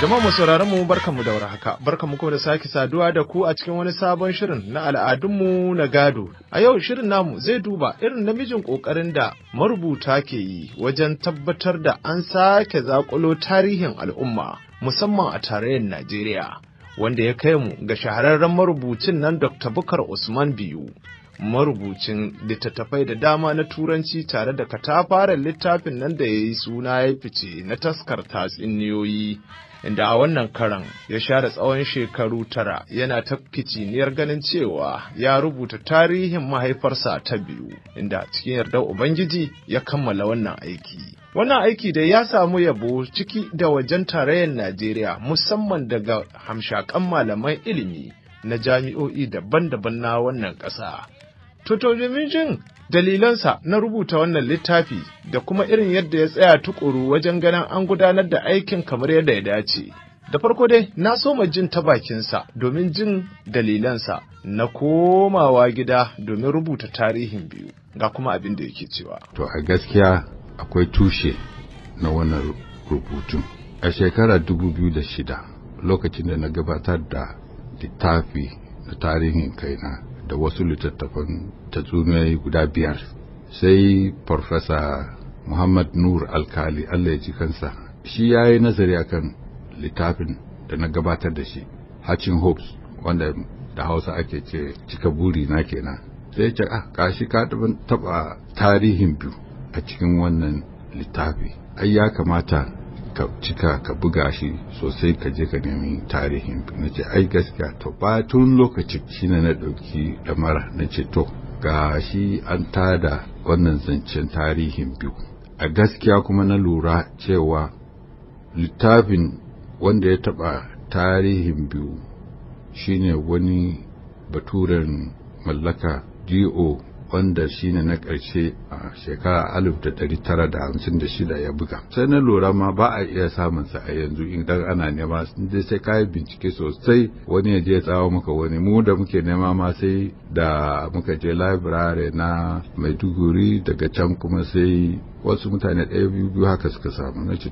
Jama'a mu barkanmu mu barkamu da warhaka. Barkamu kuma da sake saduwa da ku a cikin wani sabon shirin na al'adunmu na gado. A yau shirin namu zai duba irin namijin ƙoƙarin da marubuta ke yi wajen tabbatar da an sake zakulo tarihin al'umma musamman a tarayyar Najeriya. Wanda ya kai mu ga shahararren marubucin nan Dr. Bukar Usman Biyu. marubucin littattafai da dama na turanci tare da katafaren littafin nan da ya yi suna ya fice na taskar tatsuniyoyi inda a wannan karan ya share tsawon shekaru tara yana ta kiciniyar ganin cewa ya rubuta tarihin mahaifarsa ta biyu inda cikin yardar ubangiji ya kammala wannan aiki wannan aiki da ya samu yabo ciki da wajen tarayyar najeriya musamman daga hamshakan malaman ilimi na jami'o'i daban-daban na wannan ƙasa Toto domin jin dalilansa na rubuta wannan littafi da kuma irin yadda ya tsaya tukuru wajen ganin an gudanar da aikin kamar yadda ya dace. Da farko dai na so ma jin ta bakinsa domin jin dalilansa na komawa gida domin rubuta tarihin biyu ga kuma abin da yake cewa. To a gaskiya akwai tushe na wannan rubutun. A shekara shida lokacin da na gabatar da littafi na tarihin kaina da wasu littattafan tatsuniyoyi guda biyar sai farfesa muhammad nur alkali allah ya ji kansa shi ya yi nazari kan littafin da na gabatar da shi hacin hopes wanda da hausa ake ce cika buri na kenan sai ce ah kashi ka taba tarihin biyu a cikin wannan littafi ai ya kamata ka cika ka buga shi sosai ka je ka nemi tarihin na ce ai gaskiya to ba tun lokaci shine na ɗauki damara na ce to ga shi an tada wannan zancen tarihin biyu a gaskiya kuma na lura cewa littafin wanda ya taɓa tarihin biyu shine wani baturen mallaka do wanda shine na ƙarshe a shekara shida ya buga sai na lura ma ba a iya samun sa a yanzu idan ana nema dai sai kayi bincike sosai wani ya je ya tsawo maka wani mu da muke nema ma sai da muka je library na maiduguri daga can kuma sai wasu mutane ɗaya biyu biyu haka suka samu na ce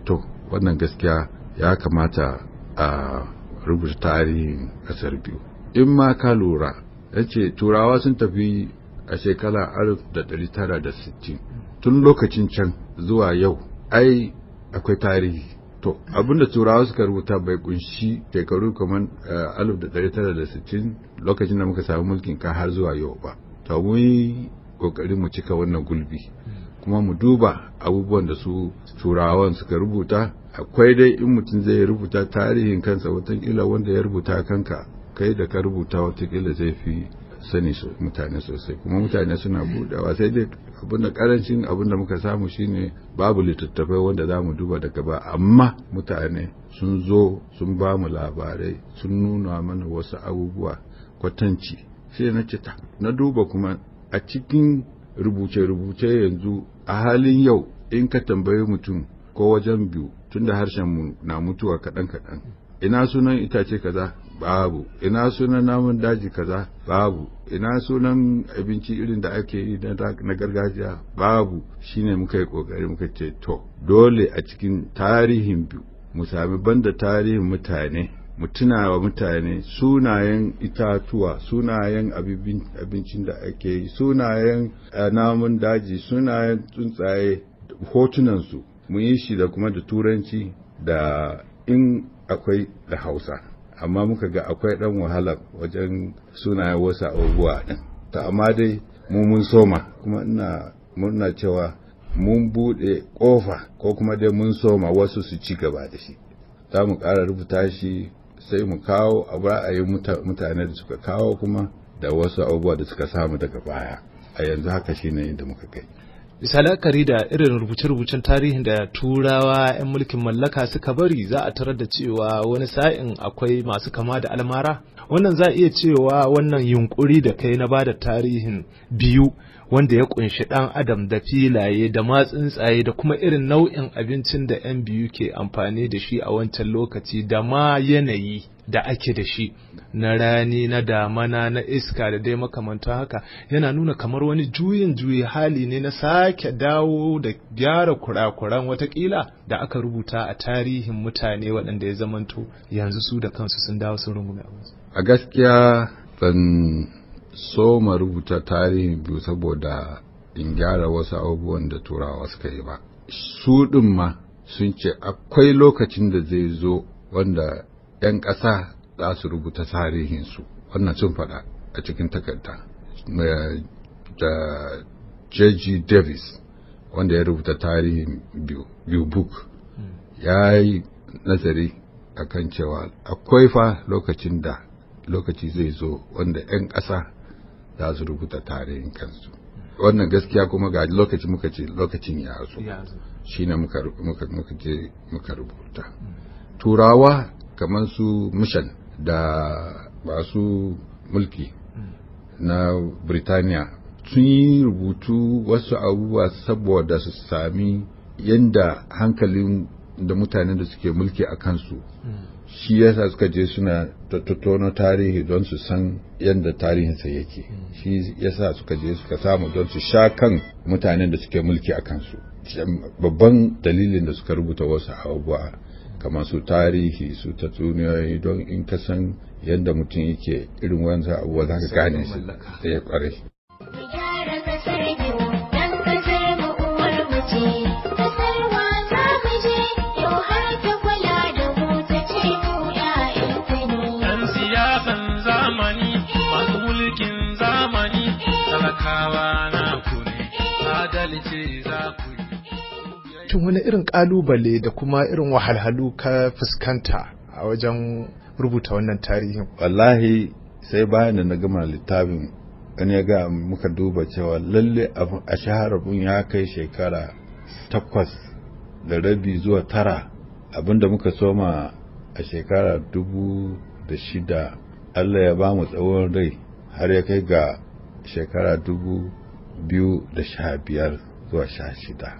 wannan gaskiya ya kamata a rubuta tarihin ƙasar biyu in ma ka lura ya ce turawa sun tafi a shekara 1960 tun lokacin can zuwa yau ai akwai tarihi to abinda turawa suka rubuta bai kunshi shekaru kamar eh, 1960 lokacin da muka samu mulkin ka har zuwa yau ba to mu yi kokari mu cika wannan gulbi kuma mu duba abubuwan da su turawan suka rubuta akwai dai in mutum zai rubuta tarihin kansa watakila wanda ya rubuta kanka kai da ka rubuta watakila zai fi sani mutane sosai kuma mutane suna budawa sai dai abinda karancin abinda muka samu shine babu littattafai wanda za mu duba daga ba amma mutane sun zo sun ba mu labarai sun nuna mana wasu abubuwa kwatanci sai na cita na duba kuma a cikin rubuce-rubuce yanzu a halin yau in ka tambayi mutum ko wajen biyu tunda harshen mu na mutuwa kaɗan-kaɗan ina sunan itace kaza babu ina sunan namun daji kaza babu ina sunan abinci irin da ake yi na gargajiya babu shine muka yi kokari muka ce to dole a cikin tarihin biyu mu sami banda tarihin mutane mu tuna wa mutane sunayen itatuwa sunayen abincin da ake yi sunayen eh, namun daji sunayen tsuntsaye hotunansu mu yi shi da kuma da turanci da in akwai da hausa amma muka ga akwai ɗan wahala wajen sunaye wasu abubuwa din ta amma dai mu mun soma kuma ina muna cewa mun bude kofa, ko kuma dai mun soma wasu su ci gaba da shi za mu kara rubuta shi sai mu kawo a ra'ayin mutane da suka kawo kuma da wasu abubuwa da suka samu daga baya a yanzu haka shine inda muka kai bisa la'akari da irin rubuce-rubucen tarihin da turawa 'yan mulkin mallaka suka bari za a tarar da cewa wani sa'in akwai masu kama da almara wannan za a iya cewa wannan yunkuri da kai na bada tarihin biyu wanda ya kunshi ɗan adam da filaye da ma tsuntsaye da kuma irin nau'in abincin da 'yan biyu ke amfani da shi a wancan lokaci da ma yanayi da ake da shi na rani na damana na iska da dai makamantan haka yana nuna kamar wani juyin juyi hali ne na sake dawo da gyara kurakuran watakila da aka rubuta a tarihin mutane waɗanda ya zamanto yanzu su da kansu sun dawo sun rungume a gaskiya ban so rubuta tarihin biyu saboda in gyara wasu abubuwan da turawa suka yi ba su ɗin ma sun ce akwai lokacin da zai zo wanda 'yan ƙasa za su rubuta tarihinsu wannan sun faɗa a cikin takarda da J.G. Davis wanda ya rubuta tarihin biyu book ya yi nazari akan cewa akwai fa lokacin da lokaci zai zo wanda 'yan ƙasa za su rubuta tarihin kansu wannan gaskiya kuma ga lokaci muka ce lokacin ya zo shi ne muka je muka rubuta turawa kamar su mishan da masu mulki na birtaniya sun yi rubutu wasu abubuwa saboda su sami yadda hankalin da mutanen da suke mulki a kansu hmm. shi yasa suka je suna tattauno tarihi don su san yadda tarihinsa yake shi yasa suka je suka samu don su sha kan mutanen da suke mulki a kansu babban dalilin da suka rubuta wasu abubuwa kamar su tarihi su tatsuniyoyi don in ka san yadda mutum yake irin wanzu abubuwa za ka gane su da ya kware ku ne tun wani irin kalubale da kuma irin wahalhalu ka fuskanta a wajen rubuta wannan tarihin wallahi sai bayan da na gama littafin in ya ga muka duba cewa lalle a shaharabin ya kai shekara takwas da rabi zuwa tara abinda muka soma a shekara dubu da shida allah ya ba mu tsawon rai har ya kai ga shekara dubu biyu da sha biyar zuwa sha shida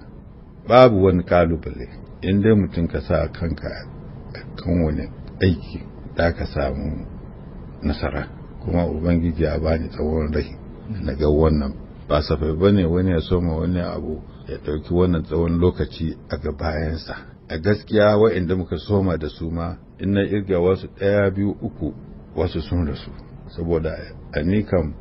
babu wani kalubale in dai mutum ka sa kanka a kan wani aiki da ka samu nasara kuma ubangiji ya bani tsawon rai na ga wannan ba safai ba ne wani ya soma wani abu ya ɗauki wannan tsawon lokaci a ga bayansa a gaskiya wa'inda muka soma da su ma ina na irga wasu ɗaya biyu uku wasu sun rasu saboda a ni kam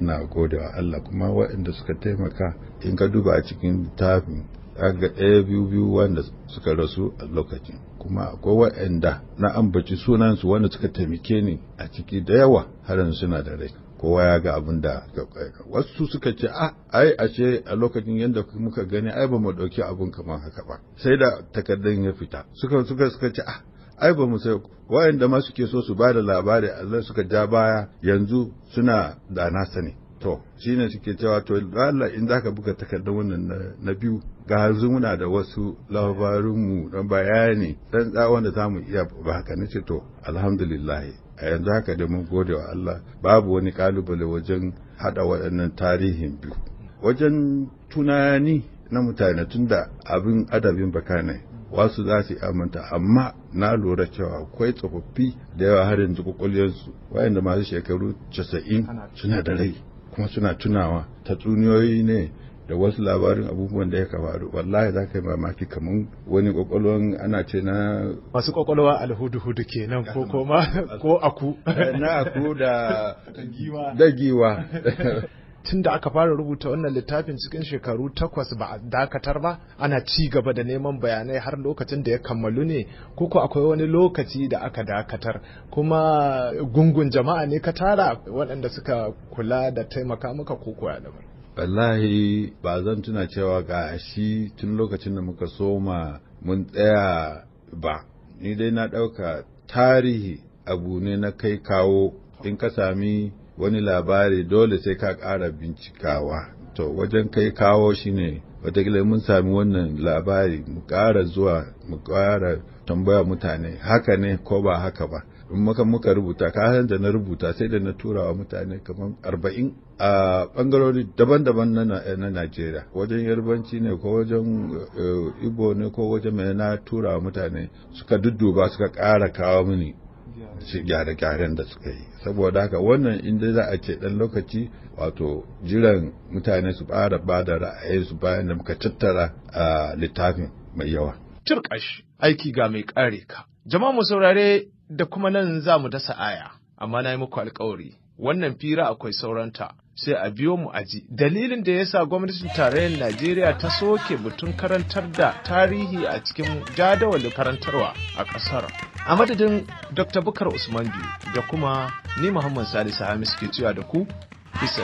Ina gode wa Allah kuma waɗanda suka taimaka in ka duba a cikin littafin ga ɗaya biyu biyu wanda suka rasu a lokacin kuma akwai waɗanda na ambaci sunansu wanda suka taimake ni a ciki da yawa har suna da rai kowa ya ga abin da wasu suka ce a ah, ai ashe a lokacin yadda muka gani ai ba mu ɗauki abin kamar haka ba sai da takardar ya fita suka suka suka ce a ah, ai ba mu sai waɗanda ma suke so su ba da labari Allah suka ja baya yanzu suna da nasa sani to shi ne suke cewa to Allah in za ka buga takardar wannan na biyu ga yanzu muna da wasu labarinmu na bayani dan tsawon da zamu iya ba haka ce to alhamdulillah a yanzu haka da mun gode wa Allah babu wani kalubale wajen hada waɗannan tarihin biyu wajen tunani na mutane tunda abin adabin baka wasu za su aminta amma na lura cewa akwai tsofaffi da yawa har yanzu kwakwalwarsu wayanda masu shekaru 90 suna da rai kuma suna tunawa ta tatsuniyoyi ne da wasu labarin abubuwan da ya faru wallahi za ka yi mamaki kamar wani kwakwalwan ana ce na masu kwakwalwa alhudu-hudu kenan ko koma ko aku na aku da giwa tun da aka fara rubuta wannan littafin cikin shekaru takwas ba a dakatar ba ana ci gaba da neman bayanai har lokacin da ya kammalu ne koko akwai wani lokaci da aka dakatar kuma gungun jama'a ne ka tara waɗanda suka kula da taimaka maka koko ya daban wallahi ba zan tuna cewa ga shi tun lokacin da muka soma mun tsaya ba ni dai na ɗauka tarihi abu ne na kai kawo in ka sami wani labari dole sai ka ƙara bincikawa to wajen kai kawo shi ne watakila mun sami wannan labari mu ƙara zuwa mu ƙara tambaya mutane haka ne ko ba haka ba in muka muka rubuta ka san da na rubuta sai da na tura wa mutane kamar arba'in a bangarori daban-daban na na najeriya wajen yarbanci ne ko wajen eh, Ibo ne ko wajen mai na tura wa mutane suka dudduba suka ƙara kawo mini gyare-gyaren da suka yi saboda haka wannan inda za a ce dan lokaci wato jiran mutane su fara ba da ra'ayinsu bayan da muka tattara a littafin mai yawa. Turkash aiki ga mai ƙare ka. Jama'a mu saurare da kuma nan za mu dasa aya, amma na yi muku alkawari wannan fira akwai sauranta. sai a biyo mu aji dalilin da yasa gwamnatin tarayyar najeriya ta soke batun karantar da tarihi a cikin jadawalin karantarwa a ƙasar a madadin dr bukar usman biyu da kuma ni muhammad salisu hamis ke cewa da ku bisa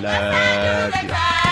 lafiya